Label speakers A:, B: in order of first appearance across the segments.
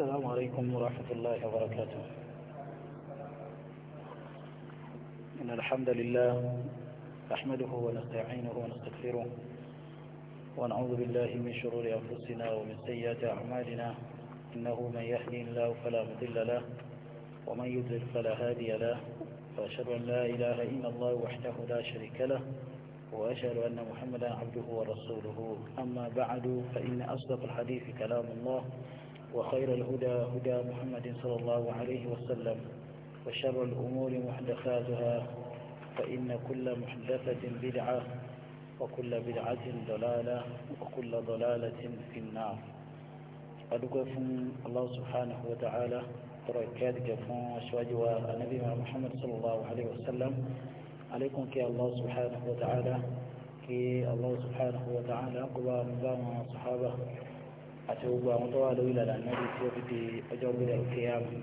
A: السلام عليكم ورحمة الله وبركاته إن الحمد لله نحمده ونستعينه ونستغفره ونعوذ بالله من شرور أنفسنا ومن سيئات أعمالنا إنه من يهدي الله فلا مضل له ومن يضلل فلا هادي له وأشهد أن لا إله إلا الله وحده لا شريك له وأشهد أن محمدا عبده ورسوله أما بعد فإن أصدق الحديث كلام الله وخير الهدى هدى محمد صلى الله عليه وسلم وشر الأمور محدثاتها فإن كل محدثة بدعة وكل بدعة ضلالة وكل ضلالة في النار أدقفم الله سبحانه وتعالى تركات جفون أشواجها النبي محمد صلى الله عليه وسلم عليكم كي الله سبحانه وتعالى كي الله سبحانه وتعالى قبى مبامة صحابه àti gbogbo àwọn tó wà lórí ìlànà Ànábì tí ó fi di ọjọ́ gbélé kéyàmù.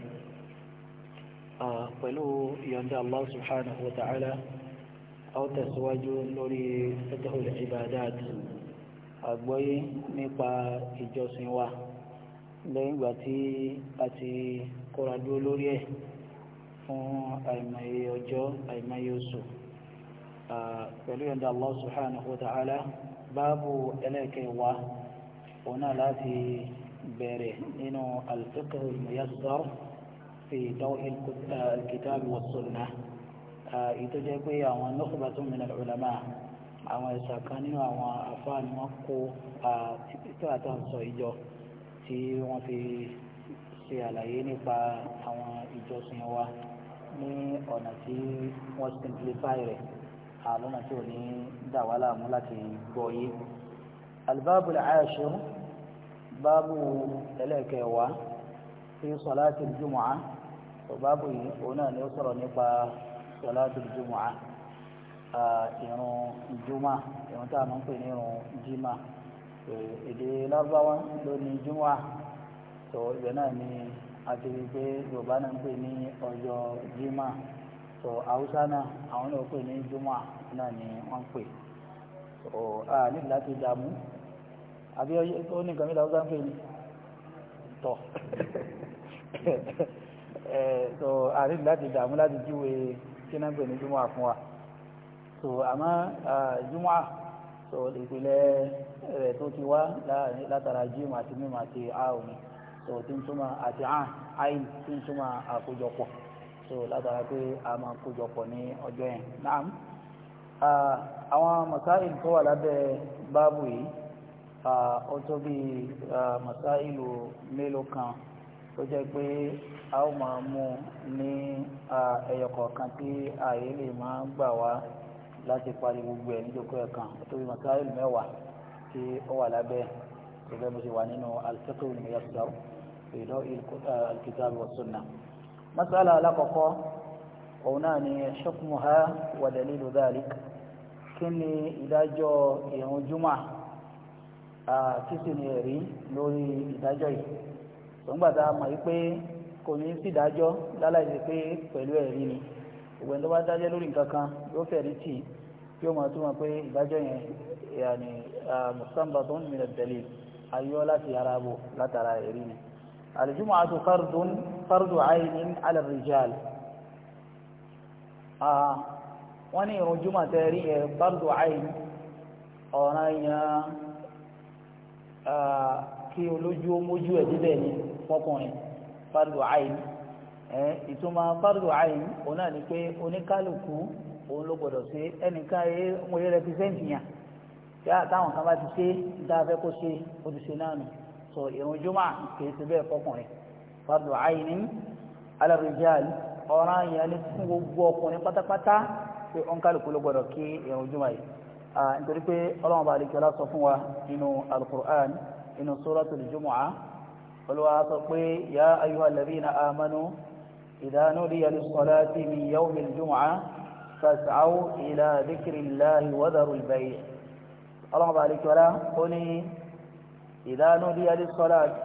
A: pẹ̀lú ìyọ̀ǹda Allah subhanahu wa ta'ala a ó tẹ̀síwájú lórí fẹ́tẹ̀hùn ibadat àgbọ́yé nípa ìjọsìn wa lẹ́yìn ìgbà tí a ti kóra dúró lórí ẹ̀ fún àìmọye ọjọ́ àìmọye oṣù pẹ̀lú ìyọ̀ǹda Allah subhanahu wa ta'ala báàbù ẹlẹ́kẹ̀ẹ́ wa. هنا لا في بيره إنه الفقه الميسر في ضوء الكتاب والسنة يتجي كوي أو نخبة من العلماء أو يساكني أو أفان مكو تتعطى سويجو tí wọ́n fi ṣe àlàyé nípa àwọn ìjọsìn wa ní ọ̀nà tí wọ́n simplify rẹ̀ àlọ́nà tí ò ní dà wá láàmú láti gbọ́ yé. albabul aashir báàbù ẹlẹ́kẹ̀wá fi sọláàtì jùmọ̀á tó báàbù yìí òun náà ni ó sọ̀rọ̀ nípa sọláàtì jùmọ̀á ìrun jùmọ̀ ìrun tá a máa ń pè ní ìrun jimá èdè lárúbáwá ló ní jùmọ̀á tó ibẹ̀ náà ni àti wípé yorùbá náà ń pè ní ọjọ́ jimá tó haúsá náà àwọn náà pè ní jùmọ̀á náà ni wọ́n ń pè. nígbà tó dààmú àbí ó ní nǹkan mìíràn ọgbọ́n pè ní tọ̀ eh, so àrí láti dààmú láti jíwe kí náà pè ní júmọ́ fún wa so àmọ́ júmọ́ so ìpìlẹ̀ rẹ̀ tó ti wá látara jíìmù àti mímọ̀ àti ààrùn so tí ń túmọ̀ àti àn àì tí ń túmọ̀ àkójọpọ̀ so látara pé a máa kójọpọ̀ ní ọjọ́ yẹn náà àwọn mọ̀sáìlì tó wà lábẹ́ báàbù yìí ó tó bí masáìlú mélòó kan tó jẹ́ pé a ó máa mú ní ẹyọ kọ̀ọ̀kan tí ààyè lè máa gbà wá láti parí gbogbo ẹ̀ níjókòó ẹ̀ kan ó tó bí masáìlú mẹ́wàá tí ó wà lábẹ́ gẹ́gẹ́ bó ṣe wà nínú al-fiqh al-muyassar ìlọ al-kitab wa sunnah. masala alákọ̀ọ́kọ́ òun náà ni hukmuha wa dalilu kí ni ìdájọ́ ìrun jùmọ̀ kí sì ni ẹ̀rí lórí ìdájọ́ yìí tòǹgbàdá mọ̀ yìí pé kò ní sí ìdájọ́ láláìsí pé pẹ̀lú ẹ̀rí ni ìwẹ̀ tó bá dájọ́ lórí nǹkan kan yóò fẹ̀rí tì kí ó mọ̀ tó pé ìdájọ́ yẹn yàní mùsàmbà tó ń mìíràn tẹ̀lé ayọ́ láti ara bò látara ẹ̀rí ni. al-jumu'atu fardu 'aynin 'ala ar-rijal wọ́n ní ìrun tẹ̀rí yẹn fardu 'ayn ọ̀ràn yẹn. Ah, kí olójú ó mójú ẹ̀ débẹ̀ ni fọkùnrin fardu ayin ìtumọ̀ fardu ayin òun náà ni pé oníkálukú òun ló gbọdọ̀ ṣe ẹnìkan ẹ wọ́n yẹ rẹpísẹ́ǹtì yàn yá táwọn kan bá ti ṣe dáa fẹ́ kó ṣe ó ti ṣe náà nù sọ ìrun jùmọ̀ kì í ṣe bẹ́ẹ̀ fọkùnrin fardu ayin ni ala rijal ọ̀ràn yẹn ni fún gbogbo ọkùnrin pátápátá pé òun ló gbọdọ̀ kí ìrun jùmọ̀ yìí nítorí pé ọlọ́run bá àdìkọ́lá sọ fún wa nínú alukur'an nínú suratul jumu'ah olùwà sọ pé ya ayyuhal ladhina amanu idha nudiya lis-salati min yawmil jumu'ah fas'aw ila dhikrillahi wa dharul bay' ọlọ́run bá àdìkọ́lá ó ní idha nudiya lis-salati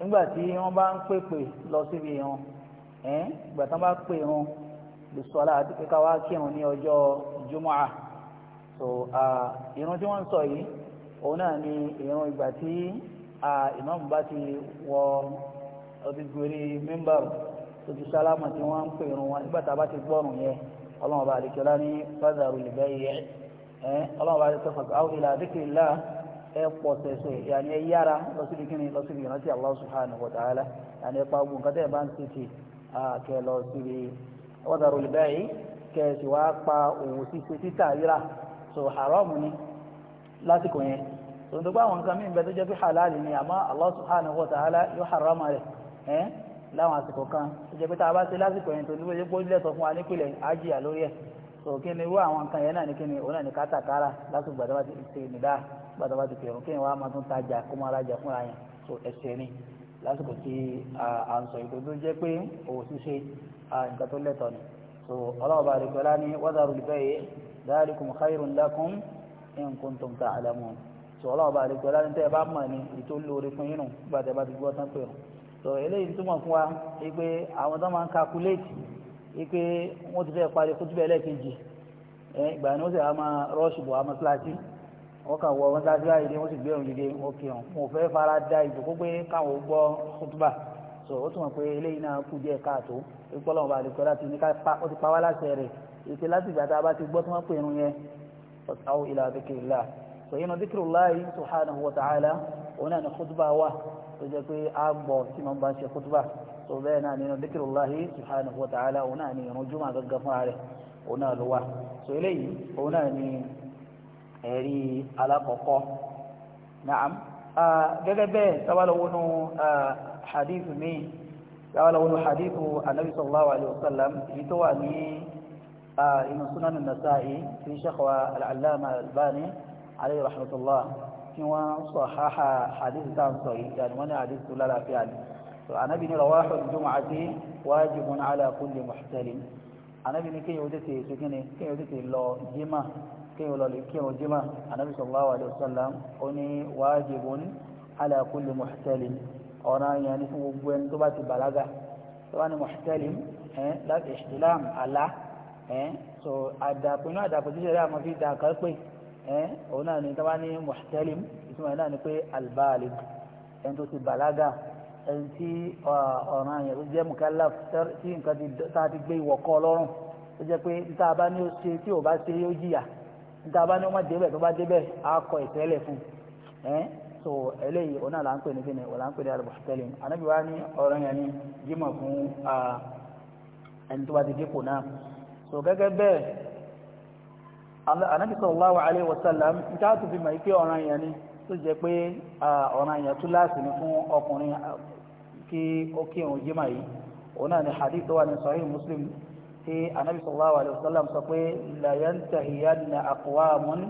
A: nígbà tí wọ́n bá ń pèpè lọ síbi ìrun ìgbà tí wọ́n bá pè ìrun lis-salati àti pé wá kírun ní ọjọ́ jumu'ah so ìrun tí wọ́n sọ yìí òun náà ni ìgbà tí bá ti wọ ọdún mímbàrù tó tí wọ́n ń pè irun wọn nígbà tá a bá ti gbọ́rùn yẹn ọlọ́run bá àdìkẹ́ lá ní fàdàrú yẹ ẹ ọlọ́run bá àdìkẹ́ fàkà áwùjọ àdìkẹ́ ẹ pọ̀ yàní ẹ yára lọ́sibí lọ́sibí ìrántí yàní ẹ so haramu ni lásìkò yẹn so n tó gbá àwọn nǹkan mí tó halal ni àmọ́ Allah subhanahu wa ta'ala yóò harama rẹ̀ ẹ́ láwọn àsìkò kan tó jẹ́ pé tá a bá ṣe lásìkò yẹn tó ní bó pé ó lẹ́tọ̀ fún wa so kí ni irú àwọn nǹkan yẹn náà ni kí ni òun náà ni dhalikum khayrun lakum in kuntum ta'lamun so ọlọ́run bá àlejò ọlá ní tẹ́ ẹ bá mọ̀ ní ètò lóore fún yín nù nígbà tẹ́ bá ti gbọ́ tán pé o so eléyìí túmọ̀ fún wa pé àwọn tó máa ń calculate pé wọ́n ti fẹ́ parí kó túbẹ̀ lẹ́ẹ̀kejì ìgbà ni wọ́n sì máa rọ́ọ̀ṣì bọ̀ àmọ́ síláàtì wọ́n kàn wọ wọ́n dájú láyé dé wọ́n sì gbé òun dìde wọ́n kí wọn fẹ́ fara da ìjókòó pé káwọn gbọ́ kútùbà so ó túmọ̀ pé eléyìí náà kù díẹ̀ káàtó ìpọ́lọ́wọ́n ìpè láti ìgbà tá a bá ti gbọ́ tí wọ́n pè irun yẹn ọ̀sáwó ila dhikrillah sọ inú dhikrillah subhanahu wa ta'ala òun náà ní kútùbà wà tó jẹ́ pé a gbọ́ tí wọ́n bá ń ṣe kútùbà tó bẹ́ẹ̀ náà nínú dhikrillah subhanahu wa ta'ala òun náà ní irun jùmọ̀ gángan fún ààrẹ òun náà ló wà sọ eléyìí òun náà ní ẹ̀rí alákọ̀ọ́kọ́ naam gẹ́gẹ́ bẹ́ẹ̀ sábàlọ́wọ́nù hadith mi sábàlọ́wọ́nù hadith inú súnánù nasáì tí ṣẹ́kọ̀ọ́ alàlámà albani alayhi rahmatullah tí wọ́n sọ haha hadith tá ń sọ yìí yàni wọ́n ní hadith tó lálàáfíà ni so anabi ni rawahu jumu'ati wajibun ala kulli muhtalim anabi ni kéèyàn ó tètè ṣe kíni kéèyàn ó tètè lọ jimá kéèyàn lọ lè kéèyàn jimá anabi sallallahu alayhi wa sallam ó ní wajibun ala kulli muhtalim ọ̀nà yẹn ni fún gbogbo ẹni tó bá ti bàlágà tó bá ní muhtalim ẹ̀ láti ihtilam àlá ẹ̀ eh, so àdàpinnu àdàpọ̀jù ṣẹlẹ̀ àmọ́ fi dà kán pé ẹ̀ eh, òun náà ni tábà ní muhtalim ìtumọ̀ ẹ̀ náà ni pé albalig ẹni tó ti bàlágà ẹni tí ọ̀ràn yẹn tó jẹ́ mukallaf tí nǹkan tá a ti gbé ìwọ̀kọ́ ọlọ́run tó jẹ́ pé níta bá ní ó ṣe tí ò bá ṣe yóò jìyà níta bá ní ó má débẹ̀ tó bá débẹ̀ á kọ ìtẹ́lẹ̀ fún ẹ́ eh, so eléyìí ọ̀nà là ń pè ní kíni ọ̀là ń pè ní al-muhtalim anábìwá ní ọ̀rọ̀ yẹn so gẹ́gẹ́ bẹ́ẹ̀ Ànábì sallallahu alaihi wasallam ń ká tó fi mọ̀ pé ọ̀ràn èèyàn ni tó jẹ́ pé ọ̀ràn èèyàn tún láàsì ni fún ọkùnrin kí ó kí òun jímà yìí òun náà ni hadith tó wà ní sahih muslim tí Ànábì sallallahu alaihi wasallam sọ pé la yantahiyanna aqwamun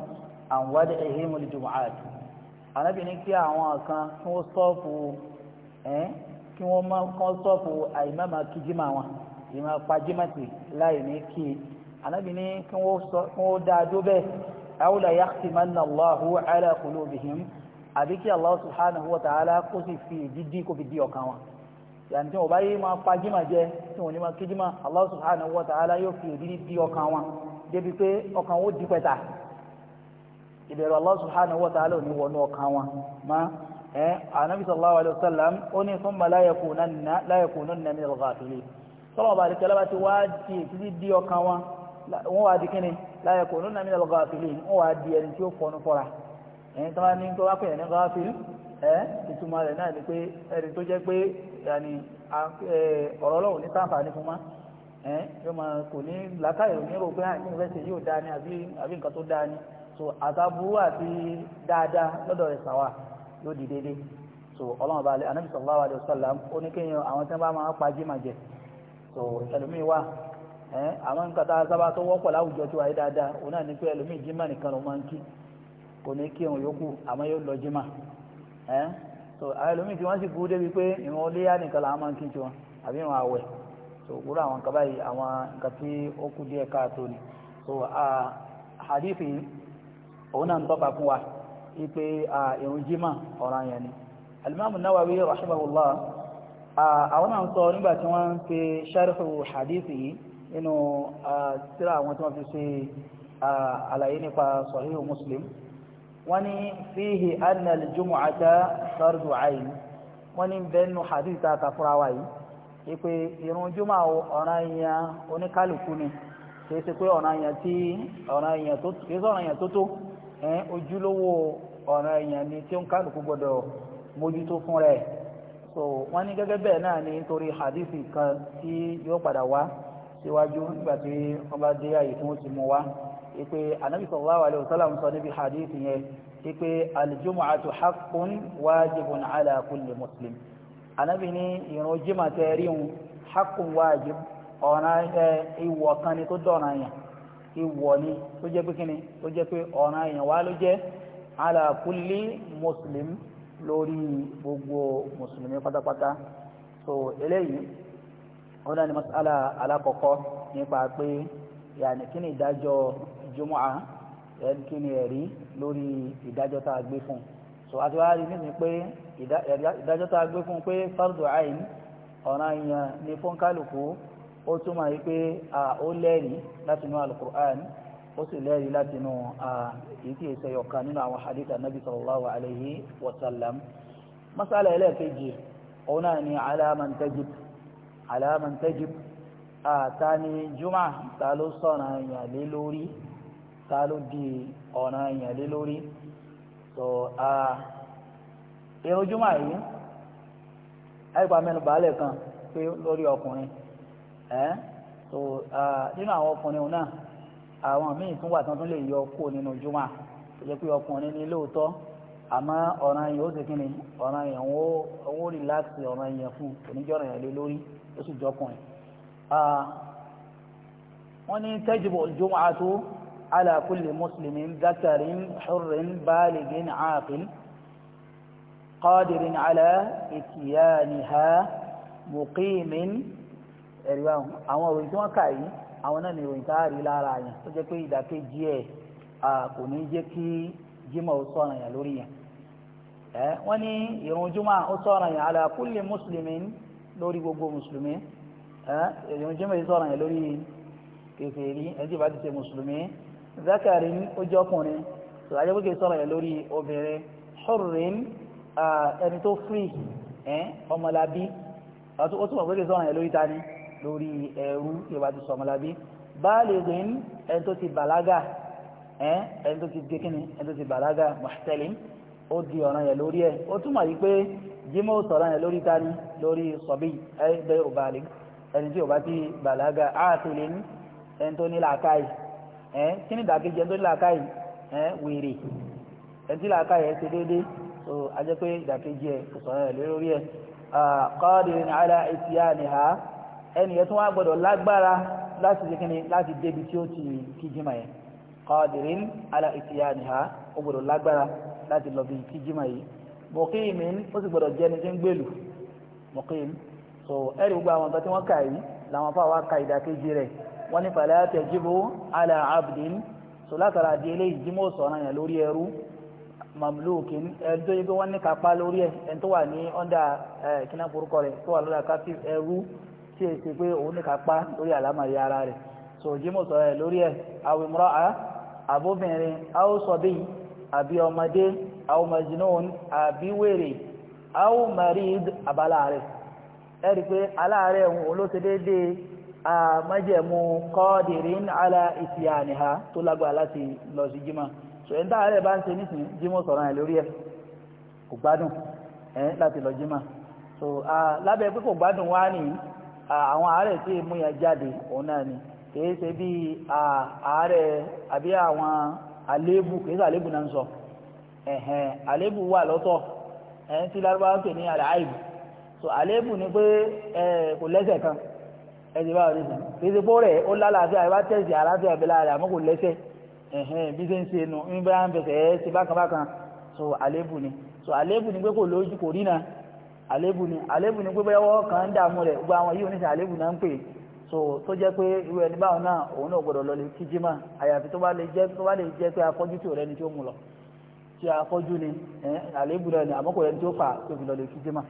A: an wad'ihimul jumu'at Ànábì ní kí àwọn kan kí wọ́n sọ́ọ̀fù ẹ́ kí wọ́n sọ́ọ̀fù ìmọ̀ pàjímọ̀tì láì ní kí anábì ní kí wọ́n dá a dó bẹ́ẹ̀ awla yahtimanna Allahu ala qulubihim àbí kí Allah subhanahu wa ta'ala kó sì fi dídí kó fi dí ọkàn wọn yàtí tí wọ́n bá yé máa pàjímà jẹ tí wọ́n ní máa kíjímà Allah subhanahu wa ta'ala yóò fi òdìrí dí ọkàn wọn débi pé ọkàn wọn ó di pẹ̀tà ìbẹ̀rù Allah subhanahu wa ta'ala ò ní wọnú ọkàn wọn má ẹ anabi sallallahu alayhi wa ó ní thumma tọ́lọ̀ bá àlekẹ́ lọ́ba ti wá di títí di ọkàn wọn wọ́n wá di kíni láyé kò nínú àmìlẹ̀ lọ́gọ́ àfìlì wọ́n wá di ẹni tí ó fọnú fọ́ra ẹni tó bá ní tó bá pèyàn ní lọ́gọ́ àfìlì ẹ ìtumọ̀ rẹ̀ náà ni pé ẹni tó jẹ́ pé ọ̀rọ̀ ọlọ́run ní sáǹfààní fún ma ẹ yóò máa kò ní làákàyè òní rò pé àìsàn ah, ìfẹsẹ̀ yóò dáa ni àbí nǹkan tó dáa ni so àtàbúrú àti dáadáa lọ́dọ̀ rẹ̀ sàwà yóò di déédéé so ọlọ́run bá alẹ́ anábìsọ̀ so ẹlòmíì wà ẹ àwọn nǹkan tá a sábà tó wọ́pọ̀ láwùjọ tí wà yí dáadáa òun náà ní pé ẹlòmíì jimá nìkan ló máa ń kí kò ní kí òun yókù àmọ́ yóò lọ jimá ẹ so àwọn ẹlòmíì tí wọ́n sì burú débi pé ìwọ̀n léyà nìkan làwọn máa ń kí tiwọn àbí ìwọ̀n àwẹ̀ so wúrọ àwọn nǹkan báyìí àwọn nǹkan tí ó kú díẹ̀ káàtó ni so hadithi òun náà ń tọ́ka fún wa ipe ìrun jimá ọ̀ràn yẹn ni alimami Nawawi rahimahullah àwọn náà ń sọ nígbà tí wọ́n ń pe sharhu hadithi yìí nínú tírà àwọn tí wọ́n fi ṣe àlàyé nípa sahihu muslim wọ́n ní fíhì annal jumu'ata fardu ayn wọ́n ní bẹ́ẹ̀nu hadith tá a ta fúra wa yìí ipe irun juma ọ̀ràn èèyàn oníkálukú ni kìí ṣe pé ọ̀ràn èèyàn tí ọ̀ràn èèyàn tó kìí ṣe ọ̀ràn èèyàn tó tó ojúlówó ọ̀ràn èèyàn ni tí ó ń kálukú gbọ́dọ̀ mójútó fún rẹ̀ so wọ́n ní gẹ́gẹ́ bẹ́ẹ̀ náà ní nítorí hadithi kan tí yóò padà wá síwájú nígbà tí wọ́n bá dé àyè tí wọ́n ti mú wá ipe anabi sallallahu alayhi wa sallam sọ níbi hadithi yẹn ipe aljumu'atu haqqun wajibun ala kulli muslim anabi ní ìrun jimá tẹ́ríhun haqqun wajib ọ̀nà ìwọ̀ kan ni tó dọ̀nà yẹn ìwọ̀ ni tó jẹ́ pé kíni tó jẹ́ pé ọ̀nà yẹn wá ló jẹ́ ala kulli muslim lórí gbogbo mùsùlùmí pátápátá so eléyìí wọn náà ni masala alákọ̀ọ́kọ́ nípa pé yàní kí ni ìdájọ́ jumu'a ẹni kí ni ẹ̀rí lórí ìdájọ́ tá a gbé fún so àti wàá rí nísìnyí pé ìdájọ́ tá a gbé fún pé fardu ain ọ̀ràn èèyàn ní fún kálukú ó túmọ̀ yìí pé ó lẹ́rìí látinú alukur'an ó sì lẹ́rìí láti inú èyí tí èsè ọ̀kan nínú àwọn hadith anabi sallallahu alayhi wa sallam masala ẹlẹ́ẹ̀kejì òun náà ni alamantajib alamantajib àtàní juma ta ló sọ̀nà yàn lé lórí ta ló di ọ̀nà yàn lé lórí so irun juma yìí àyípa mẹ́nu bàálẹ̀ kan pé lórí ọkùnrin ẹ́ so nínú àwọn ọkùnrin náà àwọn míì tún wà tán tún lè yọ kó nínú juma tó jẹ́ pé ọkùnrin ní lóòótọ́ àmọ́ ọ̀ràn yẹn ó ṣe kí ni ọ̀ràn yẹn owó rìláàsì ọ̀ràn yẹn fún oníjọ́ràn yẹn lé lórí ó sì jọkùnrin. wọ́n ní tajibu al-jum'atu ala kulli muslimin dhakarin hurrin balighin aqil qadirin ala ityaniha muqimin ẹ̀rí àwọn òwe tí wọ́n kà yìí àwọn náà ni ìròyìn táàrí lára yẹn tó jẹ́ pé ìdàkejì ẹ̀ kò ní jẹ́ kí jimoh ó sọ̀ràn yẹn lórí yẹn ẹ wọ́n ní ìrun juma ó sọ̀ràn yẹn ala kulli muslimin lórí gbogbo mùsùlùmí ẹ ìrun juma yìí sọ̀ràn yẹn lórí kèfèrí ẹ̀jẹ̀ bá ti ṣe mùsùlùmí zakarin ó jẹ́ ọkùnrin tó ajẹ́ pé kì sọ̀ràn yẹn lórí obìnrin hurrin ẹni tó free ọmọlábí ó tún wà pé sọ̀ràn yẹn lórí tani lórí ẹrú ìwádìí sọmọlábí báàlì ìgbìn ẹni tó ti bàlágà ẹni tó ti dékìní ẹni tó ti bàlágà muhtalim ó di ọ̀ràn yẹn lórí ẹ̀ ó túmọ̀ yìí pé jimoh sọ̀rọ̀ yẹn lórí tani lórí sọ̀bí ẹgbẹ́ òbálì ẹni tí ó bá ti bàlágà áàtìlín ẹni tó ní làákàyè kí ni ìdàkejì ẹni tó ní làákàyè wèrè ẹni tí làákàyè ṣe déédéé so ajẹ́ pé ìdàkejì ẹ̀ kò sọ̀rọ̀ yẹn lórí ẹ̀ ẹnìyẹn tó wá gbọdọ̀ lágbára láti ṣe kíni láti débi tí ó ti kíjìmá yẹn qadirin ala itiyaniha ó gbọdọ̀ lágbára láti lọ bí kíjìmá yìí muqimin ó sì gbọdọ̀ jẹ́ni tí ń gbèlú muqim so ẹ̀rí gbogbo àwọn nǹkan tí wọ́n kà yìí làwọn fáwọn ka ìdàkejì rẹ̀ wọ́n ní fala tajibu ala abdin so látara di eléyìí jímọ̀ sọ̀rọ̀ yẹn lórí ẹrú mamlukin ẹni tó yẹ pé wọ́n ní kápá lórí ẹ̀ ẹni tó wà ní ọ́ndà eh, kínáfórúkọ rẹ̀ tó wà lọ́dà captive ẹrú tí èsì pé òun ní kápá lórí ara rẹ̀ so jimoh sọ̀rọ̀ ẹ̀ lórí ẹ̀ àwọn ìmúra à àbóbìnrin àwọn sọ̀bí àbí ọmọdé àwọn àbí wèrè marid àbálà rẹ̀ ẹ rí pé aláàárẹ̀ òun ló ti déédéé àmájẹ̀mú ala ìsìyànìhà tó lágbára láti lọ sí so ẹ̀ ń bá ń ṣe nísìnyí lórí so lábẹ́ pé kò gbádùn wá nìyí àwọn àárẹ̀ tí mú yẹn jáde òun náà ni kìí ṣe bí àárẹ̀ àbí àwọn àléébù kìí ṣe àléébù náà ń sọ ẹ̀hẹ̀n àléébù wà lọ́tọ̀ ẹ̀hìn tí lárúbáwá pè ní àlàáìbù so àléébù ni pé kò lẹ́sẹ̀ kan ẹ̀sìn báwo ni kìí ṣe pé rẹ̀ ó lálàáfíà ìbá tẹ̀sí àlàáfíà ìbẹ̀lẹ̀ àrẹ̀ àmọ́ kò lẹ́sẹ̀ ẹ̀hẹ̀n bí ṣe ń ṣe nu ń bá ń fẹsẹ̀ ṣe bákan bákan so àléébù ni so àléébù ni pé kò lójú kò rí náà àlébù ni àlébù ni pé bẹ́ẹ̀ kan ń dààmú rẹ̀ gbogbo àwọn yìí oníṣẹ́ àlébù náà ń pè so tó jẹ́ pé irú ẹni báwọn náà òun náà gbọ́dọ̀ lọ lè kí jímà àyàfi tó bá lè jẹ́ tó bá lè jẹ́ pé afọ́jú tí ò rẹ́ni tí ó mú lọ tí afọ́jú ni àlébù rẹ̀ ni àmọ́ kò rẹ́ni tí ó fà tó fi lọ lè kí jímà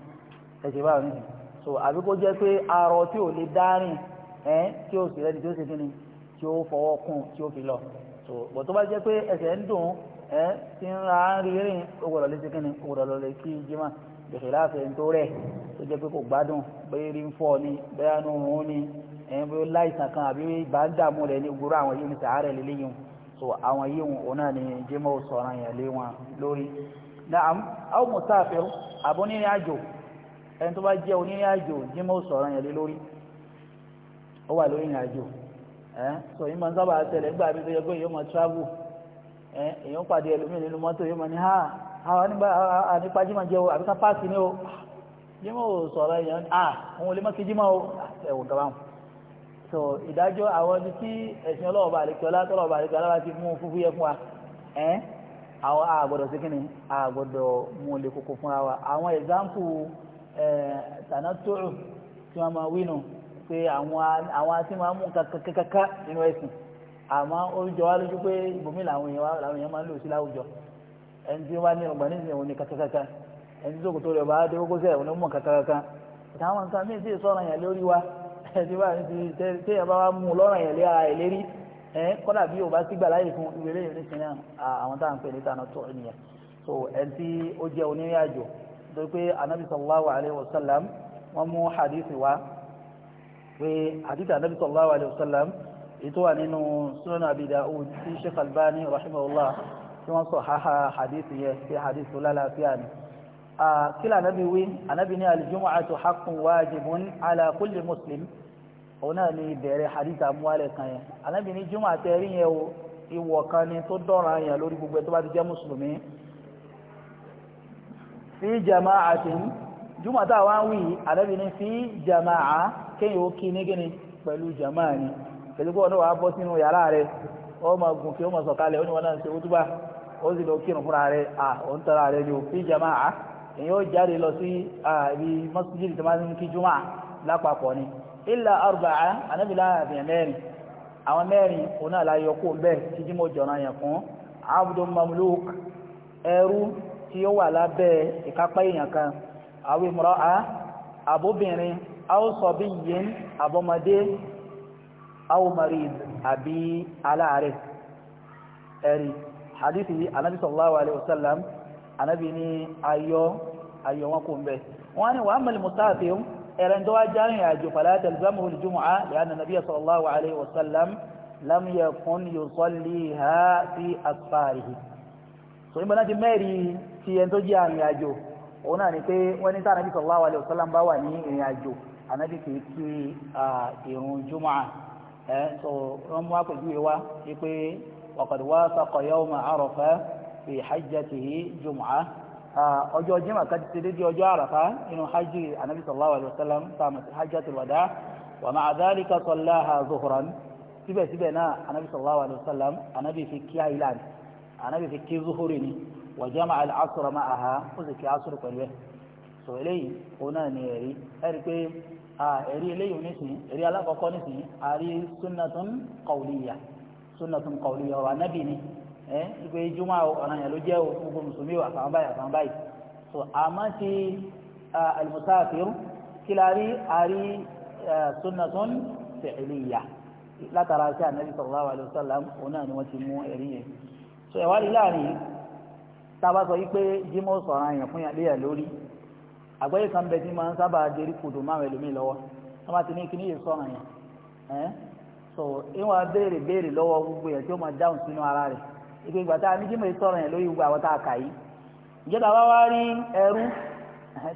A: ẹ̀sẹ̀ báwọn nìyí so àbí kó jẹ́ pé arọ tí ò lè dárìn tí ó sì rẹ́ni tí ó ṣe kí ni tí ó fọwọ́ kún tí ó fi lọ so bọ̀ tó bá jẹ́ pé ẹsẹ̀ ń dùn tí ń ra rí rìn ó gbọ́dọ̀ lé sí kí ni ó gbọ́dọ̀ lọ lè kí jimá gbèsè láàfẹ́ tó rẹ̀ tó jẹ́ pé kò gbádùn bẹ́ẹ̀ rí ń fọ́ ni bẹ́ẹ̀ anú òun ni ẹ̀yìn bí ó láìsàn kan àbí bá ń dààmú rẹ̀ ní gbúrú àwọn yìí ní sàárẹ̀ lílé yìí so àwọn yìí òun náà ni jimá ò sọ̀rọ̀ yẹn lé wọn lórí. naam àwọn mùsàfẹ́ àbọ̀ nínú àjò ẹni tó bá jẹ́ onírìn àjò jimá ò sọ̀rọ̀ yẹn lé lórí ó wà lórí ìrìn àjò ẹ̀ so ìmọ̀ sábà tẹ̀lé gbà bí tó yẹ pé yóò mọ̀ travel Eh, èèyàn pàdé ẹlòmíì nínú mọ́tò yóò mọ̀ ní àwọn nípa jímọ̀ jẹ́ o àbí ká páàkì ní o jímọ̀ ò sọ̀rọ̀ èèyàn à ah, òun ò lè mọ́ kí jímọ̀ o ah, ẹ̀wọ̀n gaba wọn. so ìdájọ́ àwọn ibi tí ẹ̀sìn ọlọ́ọ̀bà àlekíọ́lá tọ́lọ́ọ̀bà àlekíọ́lá bá ti mú fúfú yẹ fún wa ẹ́ àwọn àgbọ̀dọ̀ sí kínní àgbọ̀dọ̀ mú lè kókó fúnra wa àwọn example tànátòrò tí wọ́n máa wí nù pé àwọn àti máa mú kankankankan nínú ẹ̀sìn àmọ́ ó jọ wá lójú pé ibòmí làwọn èèyàn làwọn èèyàn máa ń lò sí láwùjọ ẹni tí wọ́n ní ọgbà nísìnyí òun ní kankankan ẹni tí sòkòtò rẹ̀ bá dé kókó sẹ̀ òun ní mọ̀ kankankan táwọn nǹkan míì sì sọ̀rọ̀ yẹn lórí wa ẹni bá ti téèyàn bá wá mú un lọ́rọ̀ yẹn lé ara ẹ̀ lérí ẹ kọ́dà bí òun bá sígbà láyè fún ìwé lẹ́yìn nísìnyí àwọn táwọn pè ní tànà tó ènìyàn so ẹni hadith wa pé hadith anabi sallallahu ètò wà nínú sunan abi daud tí sheikh albani rahimahullah tí wọ́n sọ haha hadith yẹn sí hadith tó lálàáfíà ni kílà anábì wí anábì ní aljumu'atu haqqun wajibun ala kulli muslim òun náà ni bẹ̀rẹ̀ hadith amúhálẹ̀ kan yẹn anábì ní jumu'a tẹ́rí yẹn o ìwọ̀ kan ni tó dọ̀ràn yẹn lórí gbogbo ẹ̀ tó bá ti jẹ́ mùsùlùmí fi jama'atin jumu'a táwọn wí anábì ní fi jama'a kéèyàn ó kí ní kíni pẹ̀lú jama'a ni pẹ̀lú kó ọ̀nà wàá bọ́ sínú yàrá rẹ ó máa gùn kí ó máa sọ̀kalẹ̀ ó ní wọn náà ṣe wútúbà ó sì lọ kírun fúnra rẹ à ó ń tọ́ra rẹ ju fi jama'a èyí ó jáde lọ sí ibi mọ́sídìrì tó máa ń kí jùmọ̀ lápapọ̀ ni illa arba'a anábìlá àbìyàn mẹ́rin àwọn mẹ́rin òun náà la yọ kó bẹ́ẹ̀ tí jímọ̀ jọ̀nà yẹn fún abdul mamluk ẹrú tí ó wà lábẹ́ ìkápá èèyàn kan àwọn imra'a àbóbìnrin àwọn sọ̀bí yìí àbọ̀mọdé aw marid àbí aláàrẹ̀ ẹ̀rí hadithi anabi sallallahu alaihi wasallam anabi ni ayọ́ ayọ́ wọn kò ń bẹ wọ́n ni wà mẹ́lì mustafim ẹ̀rẹ́n tó wá járin àjò falata alzamu aljumu'a lẹ́yìn nabi sallallahu alaihi wasallam lam yakun yusalliha fi asfarihi so in bana ti mẹ́rin ti ẹn tó jẹ́ àrin àjò òun náà ni pé wọ́n ní tá anabi sallallahu alaihi wasallam bá wà ní ìrìn àjò anabi kì í kí ìrun jumu'a ẹ tó wọ́n mú àpèjúwe wá wípé ọ̀kadì wá sọkọ̀ yẹ́wò máa àròfẹ́ fi hajjatihi jùmọ̀á ọjọ́ jimá kan ti dédé ọjọ́ àràfá inú hajj anabi sallallahu alayhi wa sallam sàmà sí hajjatul wada wa ma'a dhalika sallaha zuhran síbẹ̀síbẹ̀ náà anabi sallallahu alayhi wa sallam anabi fi kí aylan anabi fi kí zuhuri ni wa jama'a al-asra ma'aha ó sì kí asr pẹ̀lú ẹ̀ sọ eléyìí òun náà ni ẹ̀rí ẹ̀rí pé ẹ̀rí eléyìí nísìnyí ẹ̀rí alákọ̀ọ́kọ́ nísìnyí àrí sunnatun qawliya sunnatun qawliya ọ̀rọ̀ anábì ni ẹ̀ ìpè jùmọ̀ ọ̀ràn yẹn ló jẹ́ gbogbo mùsùlùmí wà fàwọn báyìí àfàwọn báyìí so àmọ́ ti al-musafir kí la rí àrí sunnatun fi'liya látara sí ànábì sallallahu alayhi wa sallam òun náà ni wọ́n ti mú ẹ̀rí yẹn so ẹ̀wá àgbáyé kan bẹ tí máa ń sábà dérí kodò máwọn ẹlòmíì lọ́wọ́ wọ́n bá ní kíní yìí sọ̀rọ̀ yẹn ẹ́ so ìwọ̀n béèrè béèrè lọ́wọ́ gbogbo yẹn tí ó máa dáhùn sínú ara rẹ̀ ìpè ìgbà tá a ní jìmọ̀ sọ̀rọ̀ yẹn lórí gbogbo àwọn tá a kà yìí ìjọba wa wá rí ẹrú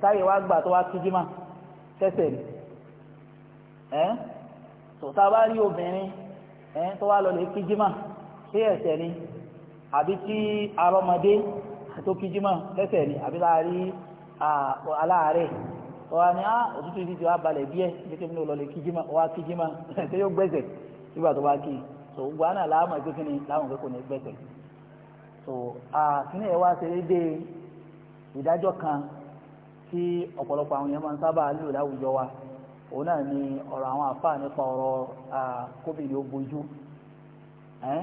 A: táyé wa gbà tó wá kí jìmọ̀ tẹ́sẹ̀ rí ẹ́ so tá a bá rí obìnrin ẹ́ tó wá lọ lè kí sí ẹ̀sẹ̀ ni àbí tí arọ́mọdé tó kí jìmọ̀ tẹ́sẹ̀ ni àbí láàárín aláàárẹ̀ ọwọ́ ni ah, òtútù ìdíje wa balẹ̀ díẹ̀ nítorí mi ò lọlẹ̀ kíjímà wá kíjímà ṣé yóò gbẹ̀sẹ̀ nígbà tó bá kí so gbogbo àná làwọn ọmọ ìgbésẹ̀ ni làwọn òkè kò ní gbẹ̀sẹ̀ so àfihàn ẹ̀ wá ṣe déédéé ìdájọ́ kan tí ọ̀pọ̀lọpọ̀ àwọn èèyàn máa ń sábà lò láwùjọ wa òun náà ni ọ̀rọ̀ àwọn àfà nípa ọ̀rọ̀ kóbìnrin ó bojú ẹ́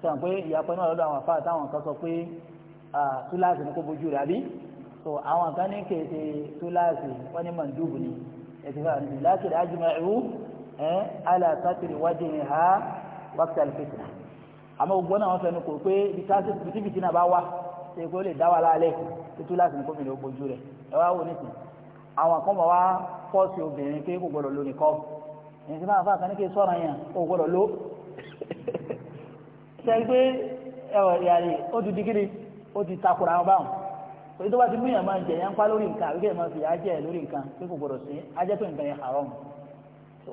A: sọ pé ìyàpẹ́ náà lọ́dọ̀ àwọn àfà táwọn kan sọ pé túláàsì ni kó bojú rẹ̀ àbí so àwọn kan ní kéde túláàsì wọ́n ní mọ̀ndúbù ni ẹ̀sìn fún àwọn láti rí ajma'u ẹ̀ alàtàtìrì wájú ni ha wákìtì àlùfẹ́sìnà àmọ́ gbogbo náà wọ́n fẹ́ nu kò pé bìtìbìtì náà bá wá ṣe pé ó lè dá wa lálẹ́ túláàsì ní kófìrí ó gbójú rẹ̀ ẹ wá wò nísìn àwọn kan bọ̀ wá pọ́ọ̀sì obìnrin pé kò gbọdọ̀ lónìí kọ́ ẹ̀yìn tí máa kan ní kí sọ́ra yẹn kò gbọdọ̀ ló ṣe pé ẹ̀wọ̀ ìyàrí ó ti di ó ti takura báwọn torí tó bá ti múyàn máa jẹ yẹn ń pa lórí fi ajẹ́ lórí nǹkan tí kò gbọdọ̀ sí ajẹ́ pé nǹkan yẹn haram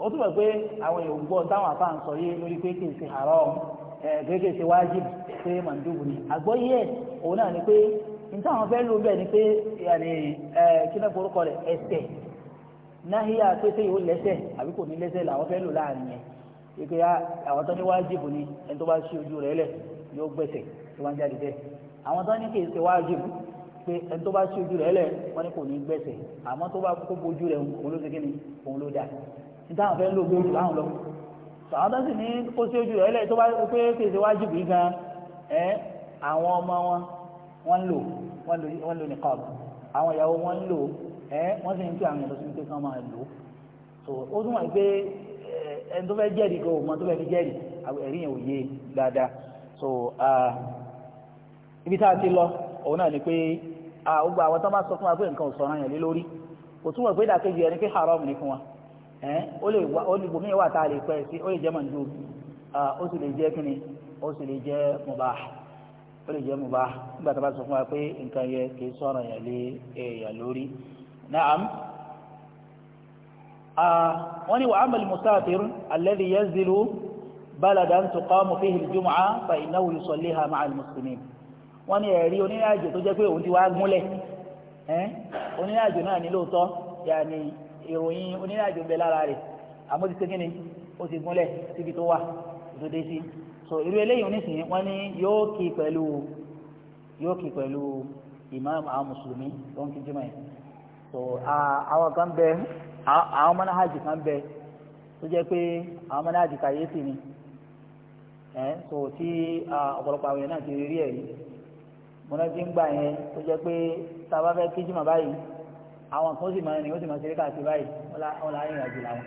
A: ó túbọ̀ pé àwọn èèyàn gbọ́ táwọn afáà ń sọ yé lórí pé haram ẹ̀ kì í ṣe wájib pé màndúbù ni àgbọ́yé ẹ̀ òun náà ni pé nítawọn fẹ́ ló bẹ́ẹ̀ ni pé kí náà forúkọ rẹ̀ ẹsẹ̀ náhíyà pété yóò lẹ́sẹ̀ àbí kò ní lẹ́sẹ̀ làwọn fẹ́ lò láàrin yẹn ni ẹni tó bá ojú yóò gbẹ̀sẹ̀ jáde bẹ́ẹ̀ àwọn tó ní pé ẹni tó bá ṣe ojú rẹ̀ lẹ̀ wọ́n ní kò ní gbẹ̀sẹ̀ àmọ́ tó bá kó bojú rẹ̀ òun ló ṣe kí ni òun ló dà níta àwọn fẹ́ ló gbé jù láwọn lọ. àwọn tó sì ní kó ṣe ojú rẹ̀ lẹ̀ tó bá pé kèsè wájú bí gan ẹ àwọn ọmọ wọn wọ́n ń lò wọ́n ń lò nìkan àwọn ìyàwó wọn ń lò ẹ wọ́n sì ń tú àwọn ìlọsí pé kí wọ́n máa lò so ó tún wà pé ẹni tó fẹ́ jẹ́rìí kò mọ tó fẹ́ fi jẹ́rìí ẹ̀rí yẹn ò yé dáadáa so ah, ibi tá a ti lọ òun náà ni pé àwọn àwọn tó bá sọ fún wa pé nǹkan ò sọ̀rọ̀ yẹn lé lórí kò túnmọ̀ pé dàkejì ẹni pé haram ni fún wa ẹ̀ ó lè wá ó lè bòmí wà tá a lè pẹ́ sí ó lè jẹ́ mandu ó sì lè jẹ́ kíni ó sì lè jẹ́ mubah ó lè jẹ́ mubah nígbà tó bá sọ fún wa pé nǹkan yẹn kì í moba o le je moba nigba to ba so lé ye ki i soro lórí. naam wọ́n ní wa amal musafir alladhi yanzilu baladan tuqamu fihi al-jum'a fa innahu yusalliha ma'a al-muslimin wọ́n ní ẹ̀rí onírìnàjò tó jẹ́ pé òun ti wá gúnlẹ̀ ẹ́ onírìnàjò náà ní lóòótọ́ yàní ìròyìn onírìnàjò ń bẹ lára rẹ̀ àmọ́ ti sékìnì ó ti gúnlẹ̀ síbi tó wà tó dé sí so irú eléyìí onísìnyí wọ́n ní yóò kí yóò kí ìmáàmù àwọn mùsùlùmí tó ń kí so àwọn kan bẹ àwọn kan bẹ tó pé àwọn kàyéfì ni so tí ọ̀pọ̀lọpọ̀ náà mo náà ti ń gbà yẹn tó jẹ́ pé tá a bá fẹ́ kí jùmọ̀ báyìí àwọn kan sì máa ní wọ́n sì máa ṣeré káàkiri báyìí wọ́n láàrin ìrìnàjò làwọn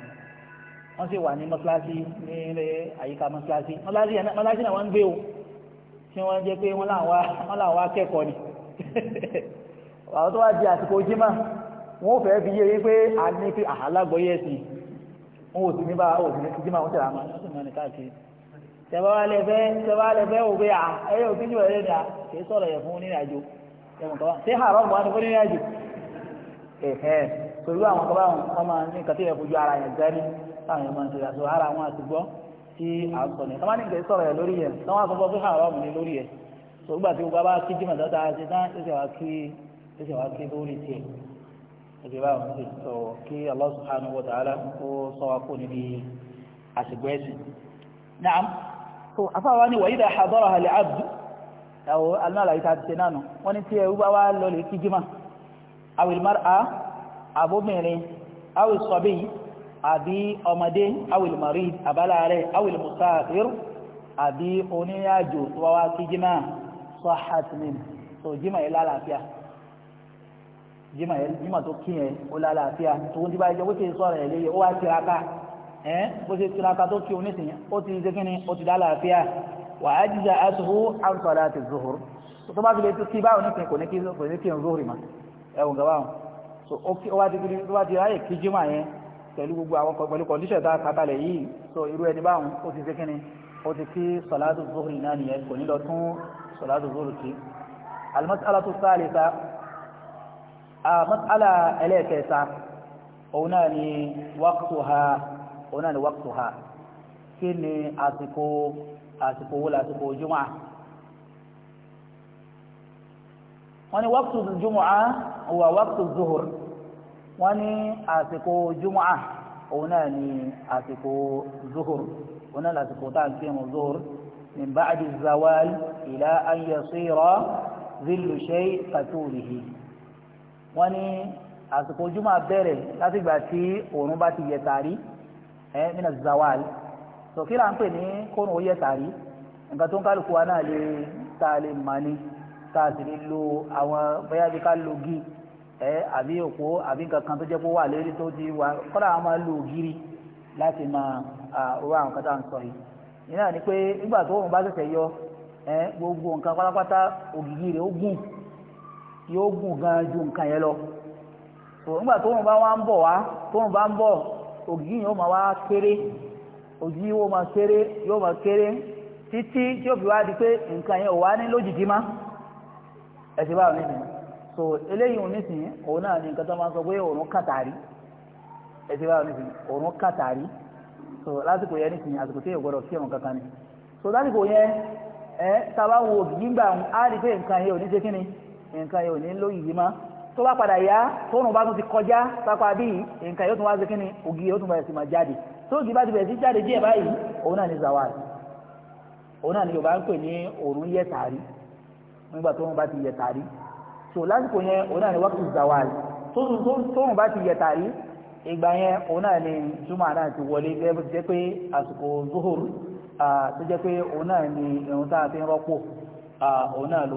A: wọ́n sì wà ní mọ́ṣáláṣí ní ilé àyíká mọ́ṣáláṣí mọ́ṣáláṣí náà wọ́n ń gbé o tí wọ́n jẹ́ pé wọ́n làwọn wá kẹ́kọ̀ọ́ ni àwọn tó wá di àsìkò jímà wọ́n fẹ́ fi yé pé a ní pé àhàlágbọ́yé ẹ̀sìn wọn ò sì ní bá wọn ní jímà wọn tẹ̀lé àwọn ọ̀sẹ̀ mọ́ni tẹ̀bá wa lẹ fẹ́ tẹ̀bá wa lẹ fẹ́ wò pé à ẹ̀yẹ òfin jù ẹ̀yẹ dà kì í sọ̀rọ̀ yẹ fún onírìn àjò ẹ̀wọ̀n kaba ṣé haram wà ní fún onírìn àjò ẹ̀hẹ́ pẹ̀lú àwọn kaba wọn máa ní kàtí yẹ fojú ara yẹn gẹ́rí táwọn yẹn máa ń ṣe àṣọ ara wọn àti gbọ́ tí à ń sọ̀rọ̀ yẹn kaba ní kì í sọ̀rọ̀ yẹ lórí yẹn táwọn àkọ́kọ́ fún haram tí gbogbo sọ wa kó níbi àṣìgbọ́ so afáwa ni wàyí dà àbọ̀rọ̀ àlẹ́ abdu àwọn aláàlàyé ta ti nánu wọ́n ní tí ẹrú bá wá lọlẹ̀ kí jímà àwìl mar'a àbóbìnrin àwìl sọ̀bí àbí ọmọdé àwìl marid àbálàárẹ̀ àwìl musafir àbí oníyàjò tó wá kí jímà sahhat min so jímà yẹ lálàáfíà jímà tó kí yẹn ó lálàáfíà tó ń dí bá jẹ́ wọ́n ti sọ̀rọ̀ ẹ̀ lé ẹ bó ṣe tiraka tó kí o nísìnyí ó ti ṣe kíni ó ti dá làáfíà wà á jíjà àtúhù an salati zuhur tó bá fi lè kí báwo nísìnyí kò ní kí kò ní kí n zuhur mà ẹwùn gaba wọn so ó wá ti kiri ó wá ti ráyè kí jimá yẹn pẹ̀lú gbogbo àwọn pẹ̀lú kọ̀ndíṣẹ̀ tá a kábàlẹ̀ yìí so irú ẹni báwọn ó ti ṣe kíni ó ti kí salatu zuhur náà nìyẹn kò ní lọ tún salatu zuhur òun náà ni waqtuha kí ni àsìkò àsìkò wo làsìkò jùmọ̀ à wọ́n ní waqtu jùmọ̀ à wà waqtu zuhur wọ́n ní àsìkò jùmọ̀ à òun náà ni àsìkò zuhur òun náà làsìkò tá à ń pè mọ́ zuhur min ba'di zawal ila an yasira zillu shay katulihi wọ́n ní àsìkò jùmọ̀ bẹ̀rẹ̀ látìgbà tí òòrùn bá ti yẹ tàrí ẹ mina zawal so kí là ń pè ní kónú ó yẹ tàrí nǹkan tó ń kálukú wa náà lè tá a lè mà ní tá a sì lè lo àwọn bóyá bí ká lo gi ẹ àbí òpó àbí nǹkan kan tó jẹ́ pé wà lérí tó ti wà kọ́dà àwọn máa lo ògiri láti máa rọ àwọn kan tá à ń sọ yìí ìnáà ni pé nígbà tó òun bá ṣẹ̀ṣẹ̀ yọ ẹ gbogbo nǹkan pátápátá ògiri rẹ̀ ó gùn yóò gùn gan ju nǹkan yẹn lọ so nígbà tó òun bá wá ń bọ̀ wá tó òun bá ń bọ̀ ògì yìí ó máa wá kéré ògì yìí ó máa kéré yóò máa kéré títí tí ó fi wá di pé nǹkan yẹn ò wá ní lójijì má ẹ̀sìn báwo nìyẹn so eléyìí òun nísìnyí òun náà ní nǹkan tó máa sọ pé òun kàtàrí ẹ̀sìn báwo nísìnyí òun kàtàrí so lásìkò yẹn nísìnyí àsìkò tí yóò gbọdọ̀ kí ẹ̀wọ̀n kankan ni so lásìkò yẹn ẹ tábà wo ògì yìí gbà á rí pé nǹkan yẹn ò ní ṣe kíni nǹkan yẹn ò ní lójijì má tó bá padà yá tóun bá tún ti kọjá pápá bí nǹkan yóò tún wá sí kínní ògì yóò tún bẹ̀rẹ̀ sí máa jáde tó ògì bá ti bẹ̀rẹ̀ sí jáde díẹ̀ báyìí òun náà òun náà yorùbá ń pè ní òrùn yẹ tààrí nígbà tóun bá ti yẹ tààrí tó lásìkò yẹn òun náà ní tóun bá ti yẹ tààrí ìgbà yẹn òun náà náà a fi rọ́pò òun náà ló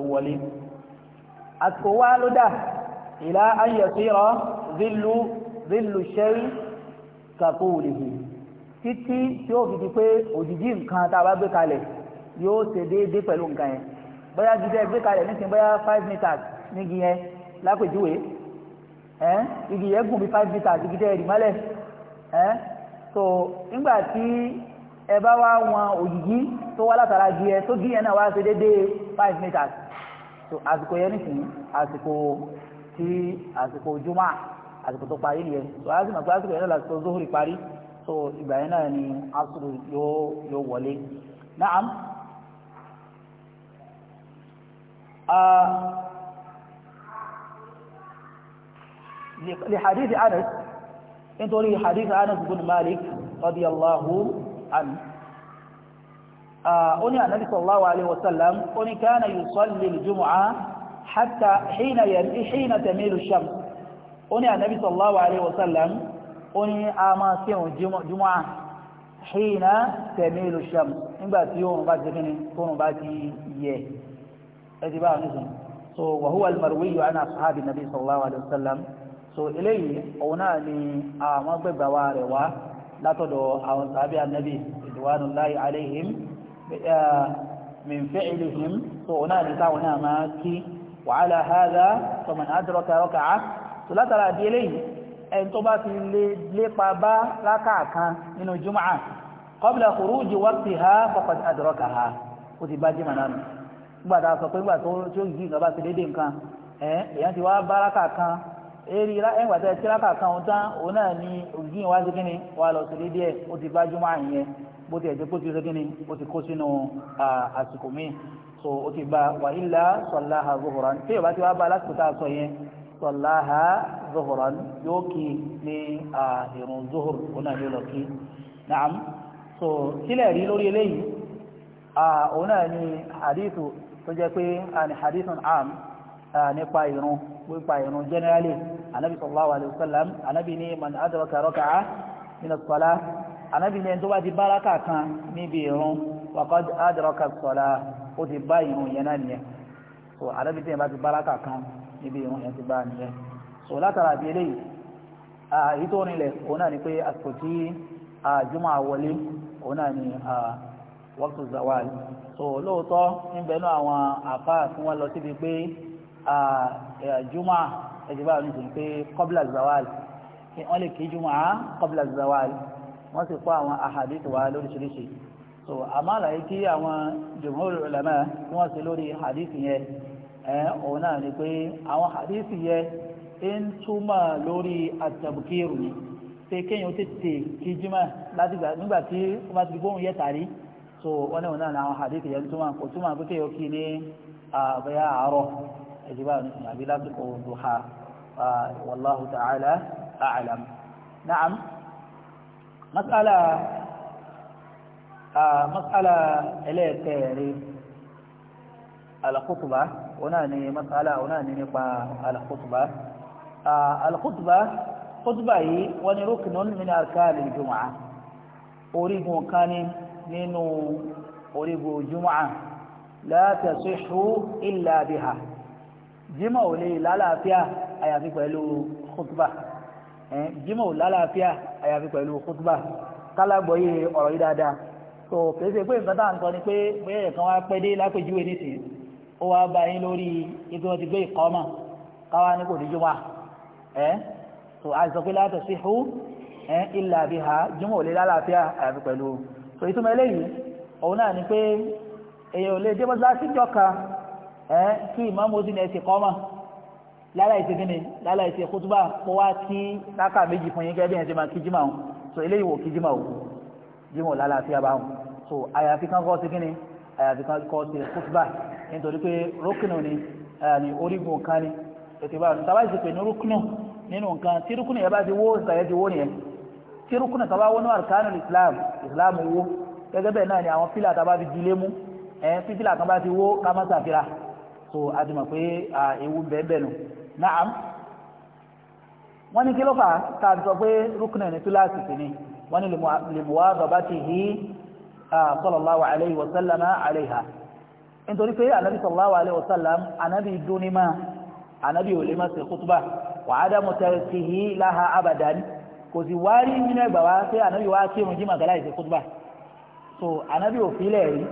A: ìlà ayẹ̀sírọ̀ zílù zílù ṣẹ́rí kàkóòlìhì títí tí ó fi di pé òjìjí nǹkan tá a bá gbé kalẹ̀ yóò ṣe déédéé pẹ̀lú nǹkan yẹn bóyá jíjẹ́ gbé kalẹ̀ nísìnyí bóyá five meters nígi yẹn lápèjúwe ẹ́n igi yẹn gùn bí five meters igi tẹ́ ẹ̀rì so nígbà tí ẹ bá wá wọn òjìjí tó wá látara gi yẹn tó gi yẹn náà wá ṣe déédéé five meters so àsìkò yẹn nísìnyí àsìkò sí àsìkò jùmọ̀ àsìkò tó parí yẹn tó a sì mọ̀ pé àsìkò yẹn náà lásìkò zohori parí tó ìgbà yẹn náà ni asuru yóò yóò wọlé naam li hadith anas nítorí hadith anas bin malik radiyallahu anhu ó ní anabi sallallahu alayhi wa sallam ó kana yusalli al hatta hina yẹn hina tẹ̀mílù sham ó ní ànábì sallallahu alayhi wa sallam ó ní a máa kírun jùmọ̀ hina tẹ̀mílù sham nígbà tí oòrùn bá ti kíni oòrùn bá ti yẹ ẹ ti bá wọn nísìnyí so wa huwa almarwiyu ana ashabi nabi sallallahu alayhi wa sallam so eléyìí òun náà ni àwọn gbẹgbà wa rẹ̀ wá látọ̀dọ̀ àwọn sàbí ànábì ridwanullahi alayhim eh, min fi'lihim so òun náà ni táwọn náà máa kí وعلى هذا فمن أدرك ركعة ثلاثة الأديلين أن تبات لقبا ركعة من الجمعة قبل خروج وقتها فقد أدركها وتبات منام بعد أن تقول بعد أن تقول بعد أن تقول بعد أن تقول eri ẹ̀wà tẹ tíráka kan ọ̀hún tán òun náà ni ògì wa ṣe kínní wa lọ sílé díẹ̀ ó ti bá jùmọ̀ àyẹn bó ti ẹ̀jẹ̀ kó ti ṣe kínní ó ti kó sínú àsìkò míì so ó ti bá wà ilà sọláha zuhuran tí yorùbá ti wá bá lásìkò tá a sọ yẹn sọláha zuhuran yóò kí ní ìrun zuhur òun náà yóò lọ kí naam so sílẹ̀ rí lórí eléyìí òun náà ni hadithu tó jẹ́ pé àni hadithun am nípa ìrun nípa ìrun generally anabi sallallahu alayhi wa sallam anabi ni man adraka raka'a min as-salah anabi ni ẹni tó bá ti báraka kan níbi irun faqad adraka as-salah ó ti bá irun yẹn náà nìyẹn so anabi tí yẹn bá ti báraka kan níbi irun yẹn ti bá nìyẹn so látara àbí eléyìí èyí tó rinlẹ̀ òun náà ni pé àsìkò tí àjùmọ̀ àwọlé òun náà ni waqtu zawal so lóòótọ́ ń bẹnu àwọn àfáà tí wọ́n lọ síbi pé juma ẹ̀jẹ̀bá wọn nítorí pé kọ́bílà zawal kí wọ́n lè kí juma kọ́bílà zawal wọ́n sì kó àwọn ahadith wa lóríṣiríṣi so àmọ́ àlàyé kí àwọn jumhur ulama kí wọ́n ṣe lórí hadith yẹn ẹ̀ òun náà ni pé àwọn hadith yẹn ń túmọ̀ lórí àtàbùkírù ni pé kéèyàn tètè kí juma láti gbà nígbà tí wọ́n bá ti gbóhùn yẹ tàrí so wọ́n ní òun náà ni àwọn hadith yẹn túmọ̀ kò túmọ̀ pé kéèyàn kí ní àbẹ̀yà àárọ̀ ẹ̀jẹ̀ báyìí ní àbí lásìkò duha wallahu ta'ala a'lam na'am mas'ala mas'ala ẹlẹ́ẹ̀kẹ́rẹ́ al-khutba òun náà ni mas'ala òun náà ni nípa al-khutba al-khutba khutba yìí wọ́n ní ruknun min arkani al-jumu'ah orígun kan ní nínú orígun jumu'ah la tasihhu illa biha jímọ̀ ò lè lálàáfíà àyàfi pẹ̀lú khutba jímọ̀ ò lálàáfíà àyàfi pẹ̀lú khutba kálágbọ̀yé ọ̀rọ̀ yìí dáadáa so kìí ṣe pé nǹkan tá à ń sọ ni pé bóyá ẹ̀kan wá pẹ́ dé lápèjúwe nísìnyí ó wá bá yín lórí ibi wọn ti gbé ìkọ́mọ̀ káwá ní kò ní jùmọ̀ ẹ́ so a sọ pé látọ̀ sí hu ẹ́ ilà bí ha jímọ̀ ò lè lálàáfíà àyàfi pẹ̀lú so ìtumọ̀ eléyìí òun náà ni pé èèyàn ò lè dé mọ́sálásí ẹ kí ìmáàmù sì ní ẹsẹ̀ kọ́mà lára ẹsẹ̀ kínní lára ẹsẹ̀ kútúbà kó wá kí láka méjì fún yín gẹ́gẹ́ bí máa kí jimá o so eléyìí wò kí jimá o jimá o lálàáfíà bá wọn so àyàfi kan kọ́ sí kínní àyàfi kan kọ́ sí kútúbà nítorí pé rókìnù ni ní orígun kan ni ètò ìbára tàbá sì pé ní rókìnù nínú nǹkan tí rókìnù yẹn bá ti wó ìsàyẹ̀ ti wó nìyẹn tí rókìnù tàbá wó ní àrùkánù Islam Islam wó gẹ́gẹ́ bẹ́ẹ̀ náà ni àwọn fílà tàbá fi dilé mú ẹ̀ fífílà kan bá ti so a ti mọ̀ pé ewu bẹ́ẹ̀ nù naam wọ́n ní kí ló fà tá a ti sọ pé rúkúnà ní túláàsì sí ni wọ́n ní limuwadhabatihi sallallahu alayhi wa sallama alayha nítorí pé anabi sallallahu alayhi wa sallam anabi dunima anabi ò lè má ṣe kútubà wà á dá mutarikihi laha abadan kò sì wárí nínú ẹgbà wá pé anabi wá kírun jí màgàlá ìṣe kútubà so anabi ò fi lẹ́ẹ̀rí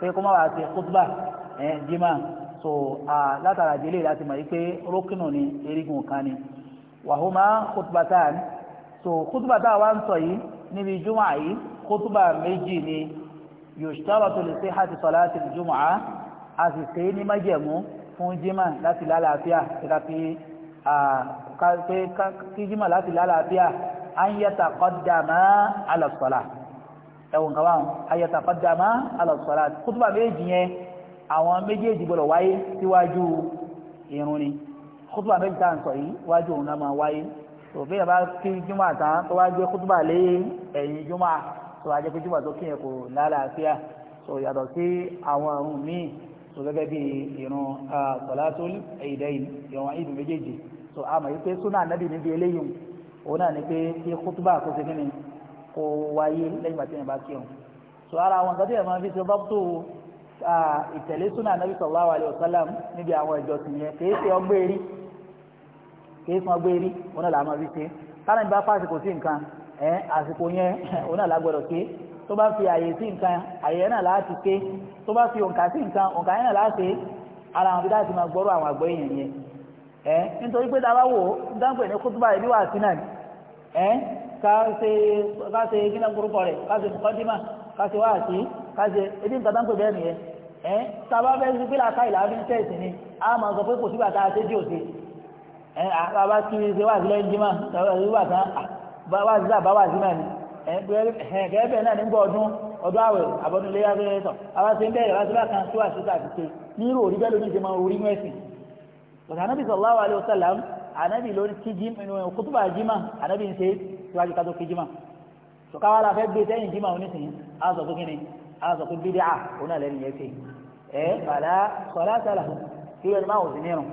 A: pé kó má wàá ṣe kútubà ẹ̀ jí so látara délé láti mọ̀ wípé rókínù ni erigun kan ni wàhùnmá kútubátán so kútubátán wa ń sọ yìí níbi jùmọ̀ yìí kútubà méjì ni yushtaratu li sihhati salati al-jumu'ah a sì ṣe é ní májẹ̀mú fún jimá láti lálàáfíà kíkà fi kí jimá láti lálàáfíà an yataqaddama ala as-salah ẹ̀wọ̀n kan wà an yataqaddama ala as-salah kútubà méjì yẹn àwọn méjèèjì gbọ́dọ̀ wáyé síwájú irun ni kútùbà méjì tá à ń sọ yìí wájú òun náà máa wáyé òfin yàrá kí jùmọ̀ àtàn tó wá gbé kútùbà lé ẹ̀yìn jùmọ̀ tó wá jẹ́ pé jùmọ̀ tó kí yẹn kò lálàáfíà tó yàtọ̀ sí àwọn ọ̀run míì tó gẹ́gẹ́ bí irun sọ̀látó ẹ̀yìndẹ́yìn irun ìdù méjèèjì tó àmọ̀ yìí pé súnà ànábì níbi eléyìí òun náà ni pé kí kútùbà kó ṣe kí ni kó wáyé lẹ́yìn bàtí yẹn bá kírun tó ara àwọn nǹkan ìtẹ̀lé súnà anábì sallallahu alayhi wa sallam níbi àwọn ìjọsìn yẹn kì í ṣe ọgbẹ́ erí kì í ṣe ọgbẹ́ erí òun náà làá máa fi ṣe táwọn ìbá fásitì sí nǹkan ẹ àsìkò yẹn òun náà lágbọ́dọ̀ ṣe tó bá fi àyè sí nǹkan àyè náà láti ṣe tó bá fi òǹkà sí nǹkan òǹkà yẹn náà láti ara àwọn bídá ti máa gbọ́rọ̀ àwọn àgbọ̀ èèyàn yẹn ẹ nítorí pé dáwà wò dáńpẹ̀ ní kútúbà ìbí wà sí náà ẹ ká ṣe ká ṣe kí náà kúrúkọ rẹ̀ ká ṣe mùkọ́dímà ká ṣe wáàsí káṣe ebi nǹkan tán pè bẹ́ẹ̀ nìyẹn ẹ́ sábà fẹ́ sí pé làákà ìlà fi ń tẹ̀sí ni a máa sọ pé kò sígbà tá a ṣe jì òde ẹ́ àbá kí ṣe wà sílẹ̀ ń jimá wà tán wà sí àbá wà sí náà ni ẹ́ gẹ́gẹ́ bẹ́ẹ̀ náà nígbà ọdún ọdún àwẹ̀ àbọ̀dún ilé yàgbẹ́ tọ̀ àbá ṣe ń bẹ̀rẹ̀ wá sí bá kan tó àṣìṣe àṣìṣe ní irú òrí bẹ́ẹ̀ ló ní ṣe máa orí ń ṣe síwájú a sọ pé bídíà òun náà lẹ́nu yẹn ṣe ẹ bàdá sọlá sàlà kí ẹni máa wò sí nírun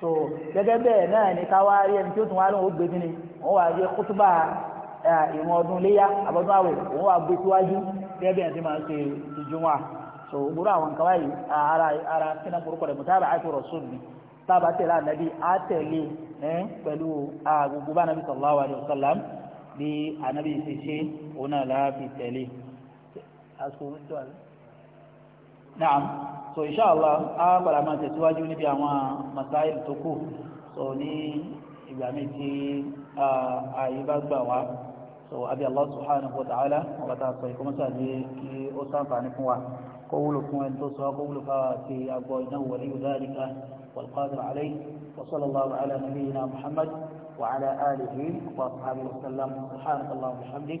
A: so gẹ́gẹ́ bẹ́ẹ̀ náà ni ká wá rí tí ó tún wá lóun ó gbé kíni òun wà gbé kútúbà ìwọn ọdún léyà àbọ̀dún àwẹ̀ òun wà gbé síwájú gẹ́gẹ́ bẹ́ẹ̀ ti máa ṣe ìjùmọ̀ so gbúrú àwọn nǹkan báyìí ara ara kíná kúrúkọ rẹ̀ mọ̀tá àbáyé tó rọ̀ sóòlù mi tába tẹ̀lé ànábì á tẹ̀lé bá ànábì sallallahu alaihi wasallam bí ànábì ṣe ṣe òun náà láàbì àsìkò tó wà náà so inshallah á padà máa tẹ̀síwájú níbi àwọn masáìlì tó kù so ní ìgbà míì tí ààyè bá gbà wá so abi allah subhanahu wa ta'ala ọba tá a sọ ìkọ́mọ́sá lé kí ó sàǹfààní fún wa kó wúlò fún ẹni tó sọ kó wúlò fáwọn àti àgbọ̀ innahu waliyyu dhalika والقادر عليه وصلى الله على نبينا محمد وعلى آله وأصحابه وسلم سبحانك اللهم وبحمدك